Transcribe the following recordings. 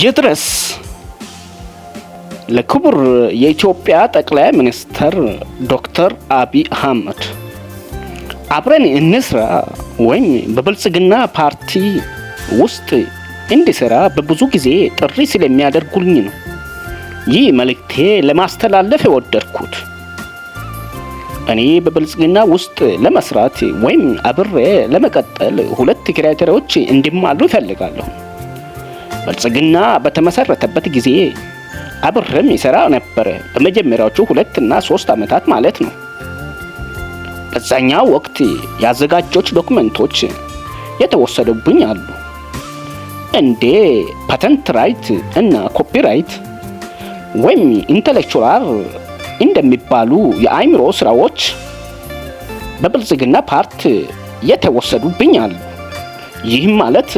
ይድረስ ለክቡር የኢትዮጵያ ጠቅላይ ሚኒስትር ዶክተር አቢይ አህመድ አብረን እንስራ ወይም በብልጽግና ፓርቲ ውስጥ እንዲሰራ በብዙ ጊዜ ጥሪ ስለሚያደርጉልኝ ነው ይህ መልእክቴ ለማስተላለፍ የወደድኩት። እኔ በብልጽግና ውስጥ ለመስራት ወይም አብሬ ለመቀጠል ሁለት ክራይቴሪያዎች እንዲሟሉ ይፈልጋለሁ። ብልጽግና በተመሰረተበት ጊዜ አብርም ይሰራ ነበር። በመጀመሪያዎቹ ሁለትና ሶስት ዓመታት ማለት ነው። በዛኛው ወቅት ያዘጋጆች ዶክመንቶች የተወሰዱብኝ አሉ እንዴ ፓተንት ራይት እና ኮፒራይት ወይም ኢንተሌክቹራል እንደሚባሉ የአእምሮ ስራዎች በብልጽግና ፓርት የተወሰዱብኝ አሉ። ይህም ማለት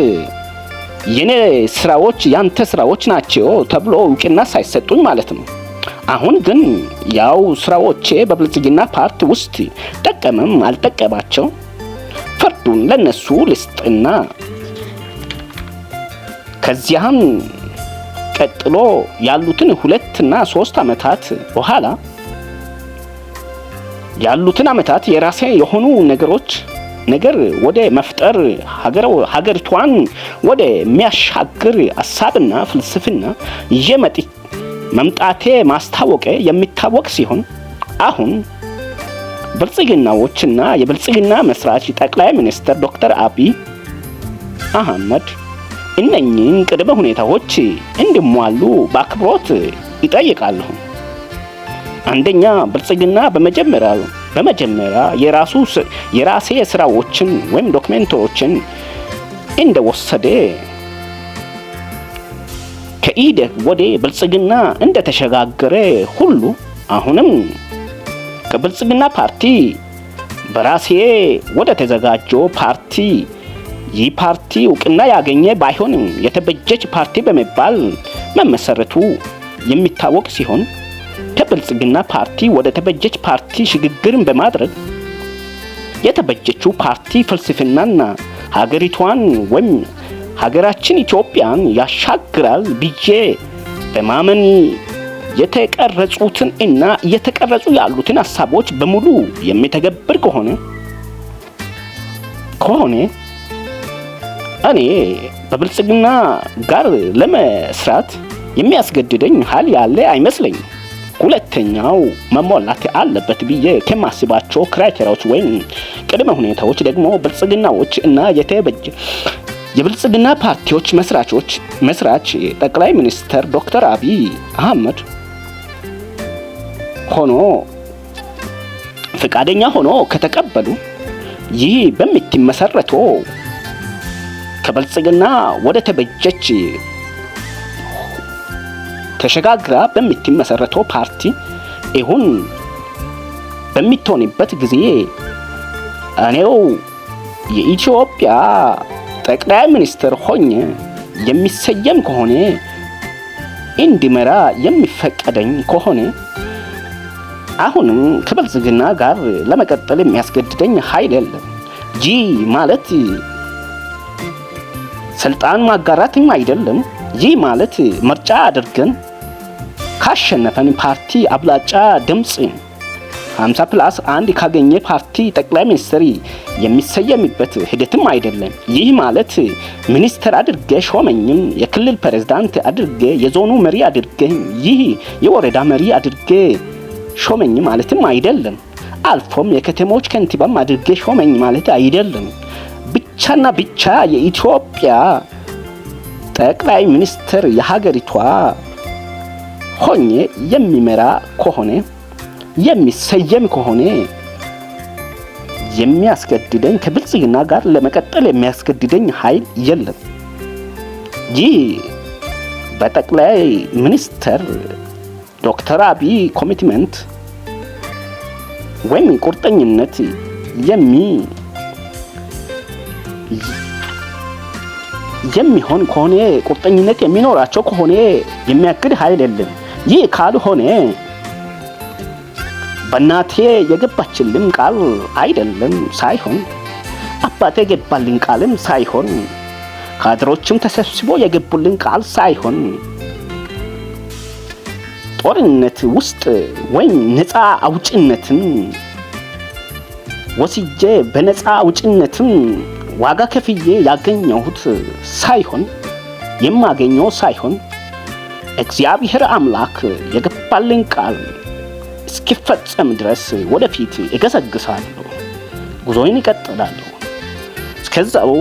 የኔ ስራዎች ያንተ ስራዎች ናቸው ተብሎ እውቅና ሳይሰጡኝ ማለት ነው። አሁን ግን ያው ስራዎቼ በብልጽግና ፓርቲ ውስጥ ጠቀምም አልጠቀማቸው ፍርዱን ለነሱ ልስጥና ከዚያም ቀጥሎ ያሉትን ሁለትና ሶስት ዓመታት በኋላ ያሉትን ዓመታት የራሴ የሆኑ ነገሮች ነገር ወደ መፍጠር ሀገሪቷን ወደ ሚያሻግር ሀሳብና ፍልስፍና የመጥ መምጣቴ ማስታወቀ የሚታወቅ ሲሆን አሁን ብልጽግናዎችና የብልጽግና መስራች ጠቅላይ ሚኒስትር ዶክተር አብይ አህመድ እነኚህን ቅድመ ሁኔታዎች እንዲሟሉ በአክብሮት ይጠይቃለሁ። አንደኛ ብልጽግና በመጀመሪያ በመጀመሪያ የራሱ የራሴ ስራዎችን ወይም ዶክሜንቶችን እንደወሰደ ከኢደ ወደ ብልጽግና እንደተሸጋገረ ሁሉ አሁንም ከብልጽግና ፓርቲ በራሴ ወደ ተዘጋጀው ፓርቲ ይህ ፓርቲ እውቅና ያገኘ ባይሆንም የተበጀች ፓርቲ በመባል መመሰረቱ የሚታወቅ ሲሆን ከብልጽግና ፓርቲ ወደ ተበጀች ፓርቲ ሽግግርን በማድረግ የተበጀችው ፓርቲ ፍልስፍናና ሀገሪቷን ወይም ሀገራችን ኢትዮጵያን ያሻግራል ብዬ በማመን የተቀረጹትን እና እየተቀረጹ ያሉትን ሀሳቦች በሙሉ የሚተገብር ከሆነ ከሆነ እኔ በብልጽግና ጋር ለመስራት የሚያስገድደኝ ሀል ያለ አይመስለኝም። ሁለተኛው መሟላት አለበት ብዬ ከማስባቸው ክራይቴሪያዎች ወይም ቅድመ ሁኔታዎች ደግሞ ብልጽግናዎች እና የተበጀ የብልጽግና ፓርቲዎች መስራቾች መስራች ጠቅላይ ሚኒስትር ዶክተር አብይ አህመድ ሆኖ ፈቃደኛ ሆኖ ከተቀበሉ ይህ በምትመሰረተው ከብልጽግና ወደ ተበጀች ተሸጋግራ በምትመሰረተው ፓርቲ ይሁን በምትሆንበት ጊዜ እኔው የኢትዮጵያ ጠቅላይ ሚኒስትር ሆኝ የሚሰየም ከሆነ እንዲመራ የሚፈቀደኝ ከሆነ አሁንም ከብልጽግና ጋር ለመቀጠል የሚያስገድደኝ ኃይል የለም። ጂ ማለት ስልጣን ማጋራትም አይደለም። ይህ ማለት ምርጫ አድርገን ካሸነፈን ፓርቲ አብላጫ ድምፅ 50 ፕላስ አንድ ካገኘ ፓርቲ ጠቅላይ ሚኒስትር የሚሰየምበት ሂደትም አይደለም። ይህ ማለት ሚኒስትር አድርገ ሾመኝም፣ የክልል ፕሬዝዳንት አድርገ፣ የዞኑ መሪ አድርገ፣ ይህ የወረዳ መሪ አድርገ ሾመኝ ማለትም አይደለም። አልፎም የከተሞች ከንቲባም አድርገ ሾመኝ ማለት አይደለም። ብቻና ብቻ የኢትዮጵያ ጠቅላይ ሚኒስትር የሀገሪቷ ሆኜ የሚመራ ከሆነ የሚሰየም ከሆነ የሚያስገድደኝ ከብልጽግና ጋር ለመቀጠል የሚያስገድደኝ ኃይል የለም። ይህ በጠቅላይ ሚኒስትር ዶክተር አብይ ኮሚትመንት ወይም ቁርጠኝነት የሚ የሚሆን ከሆነ ቁርጠኝነት የሚኖራቸው ከሆነ የሚያግድ ኃይል የለም። ይህ ካልሆነ በእናቴ የገባችልን ቃል አይደለም ሳይሆን አባቴ የገባልን ቃልም ሳይሆን ካድሮችም ተሰብስቦ የገቡልን ቃል ሳይሆን ጦርነት ውስጥ ወይም ነፃ አውጭነትን ወስጄ በነፃ አውጭነትም ዋጋ ከፍዬ ያገኘሁት ሳይሆን የማገኘው ሳይሆን እግዚአብሔር አምላክ የገባልኝ ቃል እስኪፈጸም ድረስ ወደፊት እገሰግሳለሁ፣ ጉዞዬን ይቀጥላለሁ። እስከዛው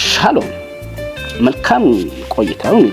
ሻሎም፣ መልካም ቆይታውን